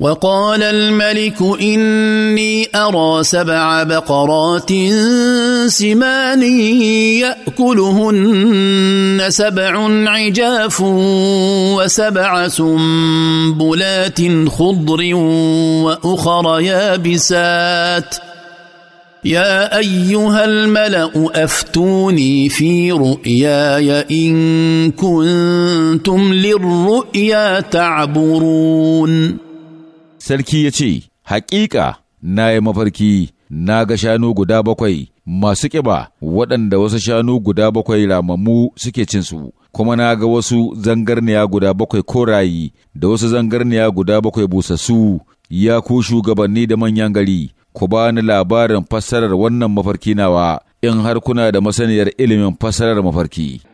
وقال الملك اني ارى سبع بقرات سمان ياكلهن سبع عجاف وسبع سنبلات خضر واخر يابسات يا ايها الملا افتوني في رؤياي ان كنتم للرؤيا تعبرون Sarki ya ce, Hakika na yi mafarki, na ga shanu guda bakwai masu ƙiba waɗanda wasu shanu guda bakwai ramamu suke cinsu, kuma na ga wasu zangarniya guda bakwai korayi da wasu zangarniya guda bakwai busassu ya ku shugabanni da manyan gari, ku ba ni labarin fassarar wannan mafarki nawa in har kuna da masaniyar ilimin fassarar mafarki.